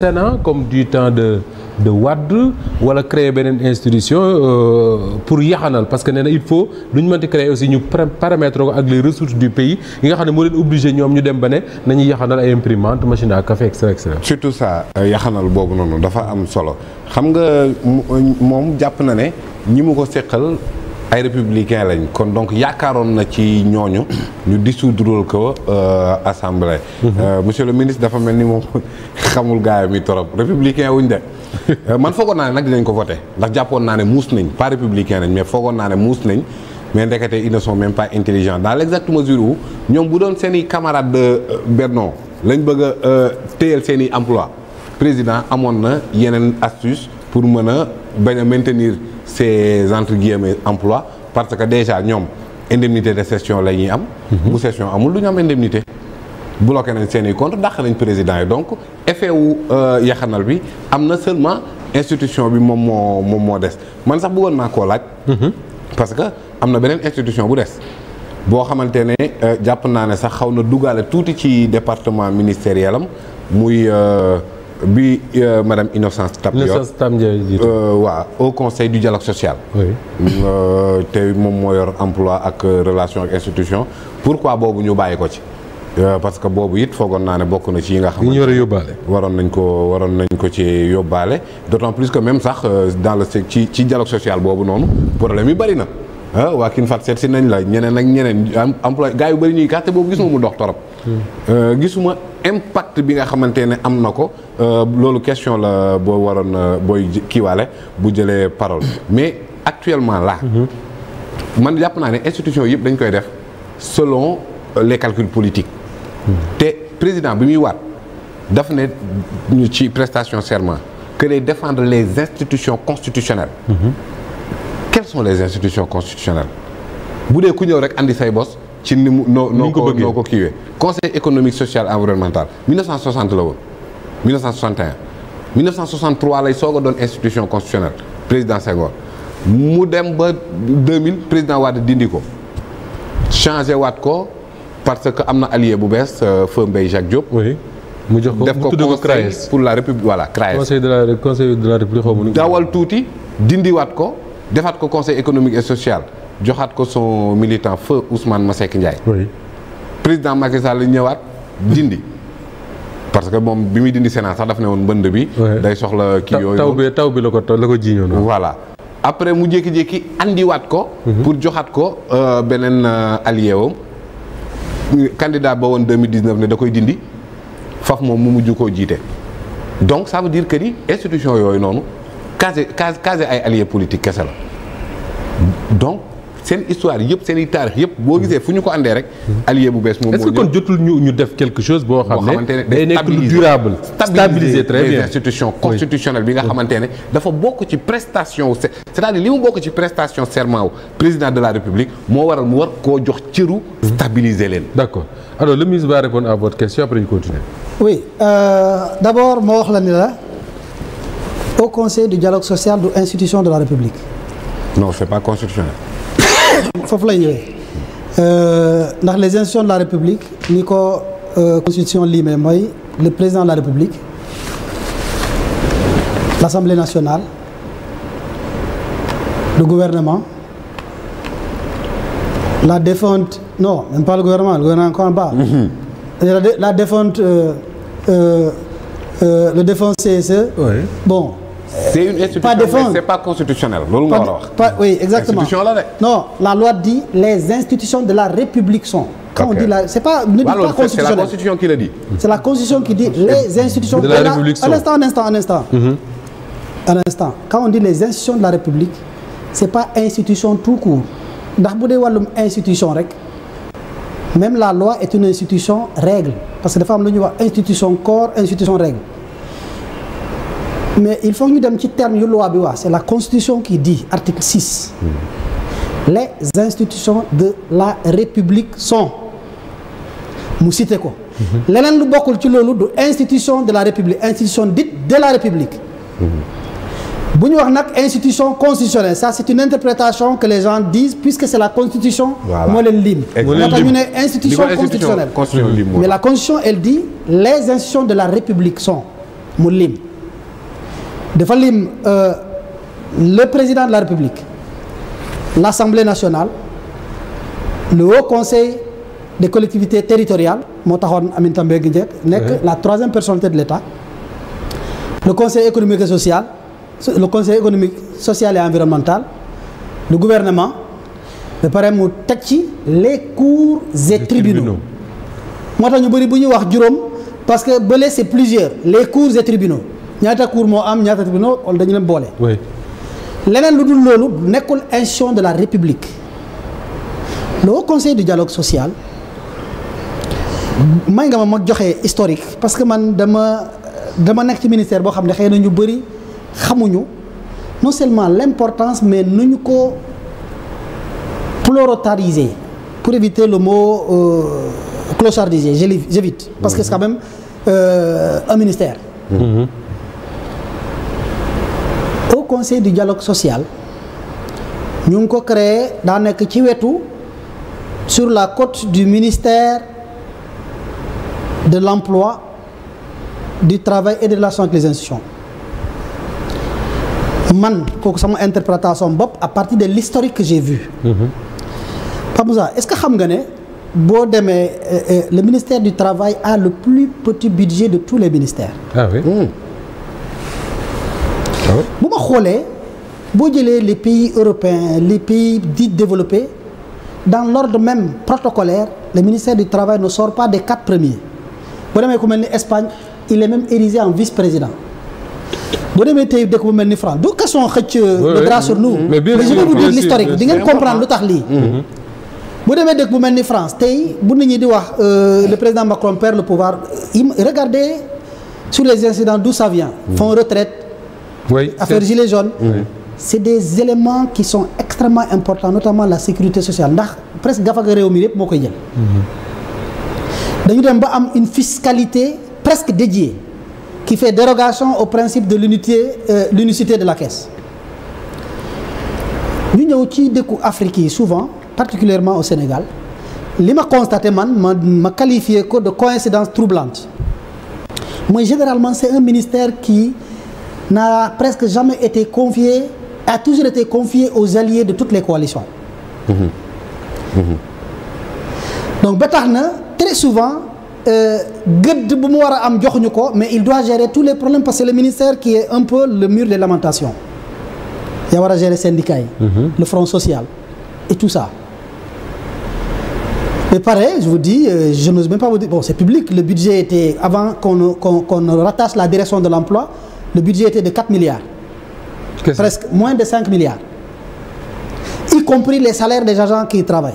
Sénat comme du temps de de Wade wala créer beneen institution euh, pour yaxanal parce que nee na il faut lu ñu mënti créer aussi ñu paramètre ko ak les ressources du pays yi nga xam ne moo leen obligé ñoom ñu dem ba ne nañuy yaxanal ay imprimante machine à café et cetera et cetera surtout ça euh, yaxanal boobu noonu dafa am solo xam nga euh, moom jàpp na ne ñi mu ko seqal ay républicain lañ kon donc yaakaaroon na ci ñooñu ñu dissoudre ko euh, assemblée. Mhm. Euh, monsieur le ministre dafa mel ni moom xamul gaay mi torop républicain wuñ de. Euh, man foogoon naa ne nag lañ ko voté ndax jàppoon naa ne muus nañ pas républicain nañ mais foogoon naa ne muus nañ mais ndekete ils ne sont pas intelligents dans l' exacte mesure où ñoom bu doon seeni i camarade de lañ bëgg a téyal seen i emploi président amoon na yeneen astuce pour mën a. bañ a maintenir ces entre guillemets emploi parce que déjà ñoom indemnité de session la ñuy am. Mhm. bu session amul du ñu am indemnité. bloqué nañ seen i compte dàq nañ président yi donc effet wu euh, yaxanal bi am na seulement institution bi moom moo moom moo des man sax bëggoon naa koo laaj. Mhm. parce que am na beneen institution bu des. boo xamante ne euh, jàpp naa ne sax xaw na dugaale tuuti ci département ministériel am muy. Euh, bi euh, madame Innocence Tab Diop euh, waaw au conseil du dialogue social euh, te moom moo yor emploi ak relation ak institution pourquoi boobu ñu bàyyi ko ci parce que boobu it foogoon naa ne bokk na ci yi nga xam ñu war a yóbbaale waroon nañ ko waroon nañ ko ci yóbbaale d'autant plus que même sax dans le ci ci dialogue social boobu noonu problème yi bari na ah waa kin fat seet si nañ la ñeneen ak ñeneen emploi gars yu bari ñuy carte boobu gisuma mu dox torop hmm. gisuma impact bi nga xamante ne am na ko euh, loolu question la boo waroon euh, booy kiiwaale bu jëlee parole mm-hmm. mais actuellement là mm-hmm. man jàpp naa ne institution yëpp dañ koy def selon euh, les calculs politiques mm-hmm. te président bi muy waat daf ne ñu ci prestation serment que day les institutions constitutionnelles quelles sont les institutions constitutionnelles bu dee ku ñëw rek andi say bos ci ni mu noo noo ko noo ko kiiwee conseil économique social environnemental 1960 la woon 1961 1963 lay soog a doon institution constitutionnelle président Senghor mu dem ba 2000 président Wade dindi ko changé waat ko parce que am na alier bu bees euh, feu Mbaye Jacques Diop. oui mu jox ko def ko conseil pour la république voilà CRAES. conseil de la conseil de la république. dawal tuuti dindiwaat ko defaat ko conseil économique et social joxaat ko son militant feu Ousmane Masseck Ndiaye. oui. président Macky Sall ñëwaat dindi. parce que moom bi muy dindi Sénat sax daf ne woon mbënd bi. day soxla kii yooyu taw bi taw bi la ko la ko jiñoon voilà après mu jékki-jékki andiwaat ko. Mhm. pour joxaat ko euh, beneen euh, allié wam candidat ba woon 2019 ne da koy dindi faf moom mu mujj koo jiite. donc ça veut dire que ni institution yooyu noonu casé casé ay alliés politiques kese la seen histoire yëpp seen i taarix yëpp boo hmm. gisee fu ñu ko andee rek allié bu bees moom est-ce jotul ñu ñu def quelque chose boo xam ne day nekk lu durable stabiliser très bien les institutions constitutionnelles bi nga xamante ne dafa bokk ci prestation c'est-à-dire li mu bokk ci prestation serment wu président de la république moo waral mu war koo jox cëru hmm. stabiliser leen d'accord alors le ministre va répondre à votre question après ñu continuer oui euh, moo wax la ni la au conseil du dialogue social de de la république non c'est pas foofu lay ñëwee euh, ndax les institutions de la république ni ko euh, constitution liime mooy le président de la république l'assemblée nationale le gouvernement la défunte non même pas le gouvernement le gouvernement encore mhm. la, la défunte euh, le défunt CSE oui. c'est une institution mais c'est pas constitutionnel de la République sont. quand okay. on dit la c'est pas ne dit bah, pas constitutionnel c'est la constitution qui le dit. c'est la constitution qui dit les institutions. de la République sont mm-hmm. un instant quand on dit les institutions de la République c'est pas institution tout court ndax bu dee wàllum institution rek. même la loi est une institution règle parce que dafa am lu ñuy wax institution corps institution règle. mais il faut ñu dem ci terme yu bi waa c'est la constitution qui dit article 6 les institutions de la république sont mu cité ko leneen lu bokkul ci loolu du institution de la république institution dite de la république bu ñu wax nag institution constitutionnelle ça c'est une interprétation que les gens disent puisque c'est la constitution moo leen lim moo tax ñu ne institution constitutionnelle mais la constitution elle dit les institutions de la république sont mu lim dafa lim euh, le président de la République l'Assemblée nationale le woo Conseil de collectivités territoriales moo taxoon Aminata Mbengue Ndiaye nekk la troisième personnalité de l'État le Conseil économique et social le Conseil économique social et environnemental le gouvernement ba pare mu teg ci les cours et tribunaux moo tax ñu bëri bu ñu wax juróom parce que bële c'est plusieurs les cours et tribunaux ñaata cours moo am ñaata tribunaux wala dañu leen boole. leneen lu dul loolu nekkul institution de la république loo haut conseil du dialogue social may nga ma ma joxe historique parce que man dama dama nekk ci ministère boo xam ne xëy na ñu bëri xamuñu non seulement l'importance mais nu ñu ko plurotariser pour éviter le mot euh, clochardiser j'évite parce que c'est quand même euh, un ministère. Mm-hmm. conseil du dialogue social ñu ngi ko créer daa nekk ci wetu sur la côte du ministère de l'emploi du travail et de la santé des institutions man kooku sama interprétation bopp à partir de l'historique que j'ai vu mhm. Pa Moussa est-ce que xam nga ne boo demee euh, euh, le ministère du travail a le plus petit budget de tous les ministères ah hmm. bu ma xoolee boo jëlee les pays européens les pays dits développés dans l'ordre même protocolaire le ministère du travail ne sort pas des quatre premiers boo demee ku mel ni Espagne il est même érigé en vice-président boo demee te dëkk bu mel ni France du question xëcc euh, le drap sur nous mais je vais vous dire l'historique di ngeen comprendre lu tax lii mm-hmm. bu demee dëkk bu mel ni France tey bu nit ñi di wax euh, le président Macron perd le pouvoir regardez sur les incidents d'où ça vient mm-hmm. fonds retraite oui affaire gilet jaune. Oui. c' est des éléments qui sont extrêmement importants notamment la sécurité sociale ndax presque gafaga réew mi yëpp moo koy jël. Mhm. dañu dem ba am une fiscalité presque dédiée qui fait dérogation au principe de l'unité euh, l'unicité de la caisse. ñu ñëw ci dëkku Afrique yi souvent particulièrement au Sénégal li ma constaté man ma ma qualifié ko de coïncidence troublante mooy généralement c' un ministère qui. n'a presque jamais été confié, a toujours été confié aux alliés de toutes les coalitions. Mhm. Mhm. Donc Betarna, très souvent, euh, mais il doit gérer tous les problèmes parce que c'est le ministère qui est un peu le mur des lamentations. Il doit gérer les mhm. le front social et tout ça. Mais pareil, je vous dis, euh, je n'ose même pas vous dire, c'est public, le budget était, avant qu'on qu rattache la direction de l'emploi, Le budget était de 4 milliards. Presque moins de 5 milliards. Y compris les salaires des agents qui y travaillent.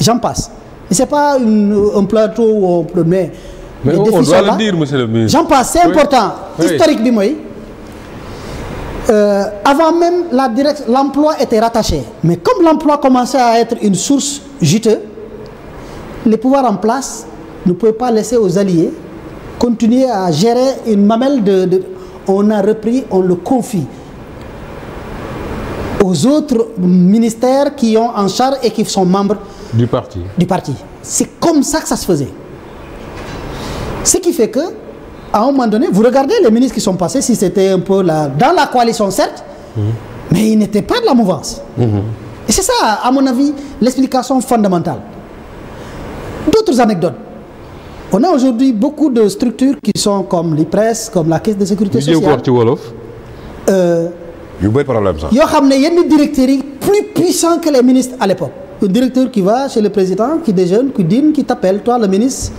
J'en passe. Ce pas une, un plateau où on prenait. Mais les on, défis on doit le dire, monsieur le ministre. J'en passe, c'est oui. important. Historique, Bimoy. Euh, avant même, la direct, l'emploi était rattaché. Mais comme l'emploi commençait à être une source juteuse, les pouvoirs en place ne pouvaient pas laisser aux alliés continuer à gérer une mamelle de, de on a repris, on le confie aux autres ministères qui ont en charge et qui sont membres du parti. Du parti. C'est comme ça que ça se faisait. Ce qui fait que, à un moment donné, vous regardez les ministres qui sont passés, si c'était un peu la, dans la coalition, certes, mmh. mais ils n'étaient pas de la mouvance. Mmh. Et c'est ça, à mon avis, l'explication fondamentale. D'autres anecdotes. on a aujourd'hui beaucoup de structures qui sont comme l'IPRES comme la caisse de sécurité sociale ñu jéem ci wolof. Euh, yu bëri problème sax. yoo xam ne yenn directeurs yi plus puissants que les ministres à l'époque le directeur qui va chez le président qui déjeune qui dîne qui t'appelle toi le ministre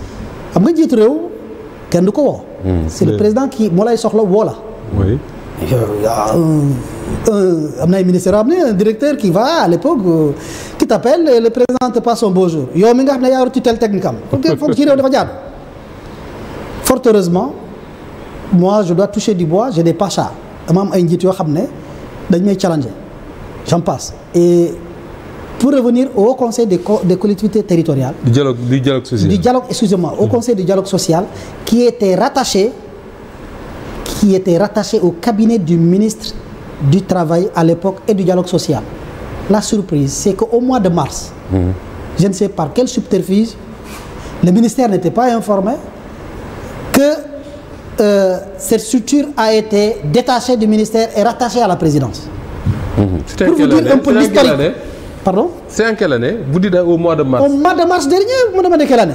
xam nga jiitu réew kenn du ko woo. Hmm. c'est le président qui moo lay soxla woo la. oui. un euh, am na ay ministère am na un directeur qui va à l'époque euh, qui t'appelle et le présente pas son beau jour yow mi nga xam ne yaa yor tutelle technique am pour que foog ci réew dafa jaadu fort heureusement moi je dois toucher du bois j'ai des pachas dama am ay njiit yoo xam ne dañ may challenger j'en passe et pour revenir au conseil de co des collectivités territoriales du dialogue, du dialogue social du dialogue excusez-moi au mmh. conseil du dialogue social qui était rattaché qui était rattaché au cabinet du ministre du travail à l'époque et du dialogue social. La surprise, c'est qu'au mois de mars, hmm. je ne sais par quel subterfuge, le ministère n'était pas informé que euh, cette structure a été détachée du ministère et rattachée à la présidence. Mmh. C'était Pour vous dire un peu l'historique. Pardon C'est en quelle année Vous dites au mois de mars. Au mois de mars dernier, vous me quelle année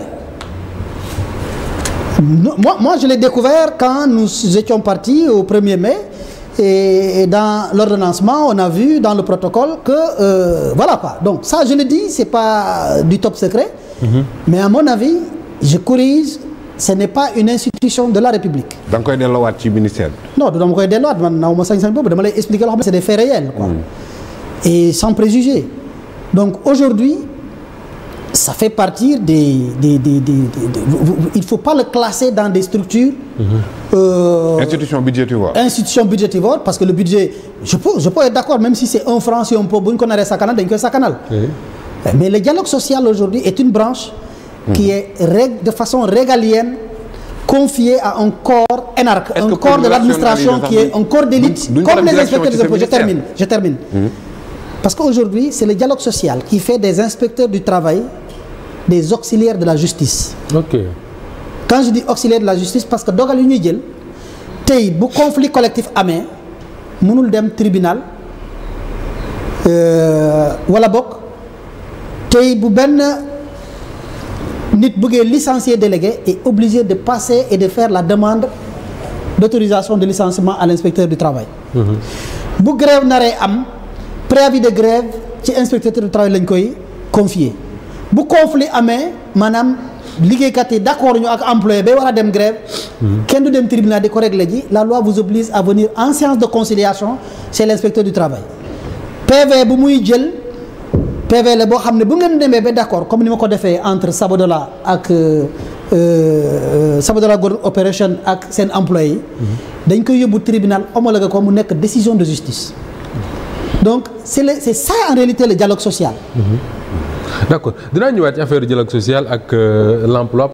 je l'ai découvert quand nous étions partis au 1 mai Et, et dans l'ordonnancement, on a vu dans le protocole que euh, voilà quoi. Donc ça, je le dis, c'est pas du top secret. Mhm. Mais à mon avis, je corrige. Ce n'est pas une institution de la République. da nga koy ci ministère non du dama koy delloowaat man naw ma sañ-sañ boobu dama lay expliquer loo c'est des faits réels mhm. et sans préjugés. donc aujourd'hui ça fait partie des des des des, des il faut pas le classer dans des structures. Mmh. Euh, institution parce que le budget je peux je peux être d'accord même si c'est un franc si on peut bu ñu ko naree sakanal dañ koy sakanal. mais le dialogue social aujourd'hui est une branche. Mmh. qui mm-hmm. est rég de façon régalienne confiée à un corps énarque. de l'administration qui est un corps d'élite comme les inspecteurs mm-hmm. social qui fait des inspecteurs du travail. des auxiliaires de la justice. ok quand je dis auxiliaire de la justice parce que dogal yu ñuy jël tey bu conflit collectif amee mënul dem tribunal euh, wala bokk tey bu benn nit bëggee licencier délégué est obligé de passer et de fair la demande d'autorisation de licenciement à l'inspecteur du travail. Mhm. bu grève naree am préavis de grève ci inspecteur du travail lañ koy confier. bu conflit amee maanaam liggéeykat yi d'accord ñu ak employé ba war a dem grève kenn du dem tribunal di ko régler ji la loi vous oblige à venir en séance de conciliation chez l'inspecteur du travail PV bu muy jël PV la boo xam ne bu ngeen demee ba d'accord comme ni ma ko defee entre Sabodola ak euh, euh, Sabodola Gold Operation ak seen employé yi dañ koy yóbbu tribunal homologué ko mu nekk décision de justice donc c'est le c'est ça en réalité le dialogue social d' accord dinaa ñëwaat ci affaire dialogue social ak euh, l' emploi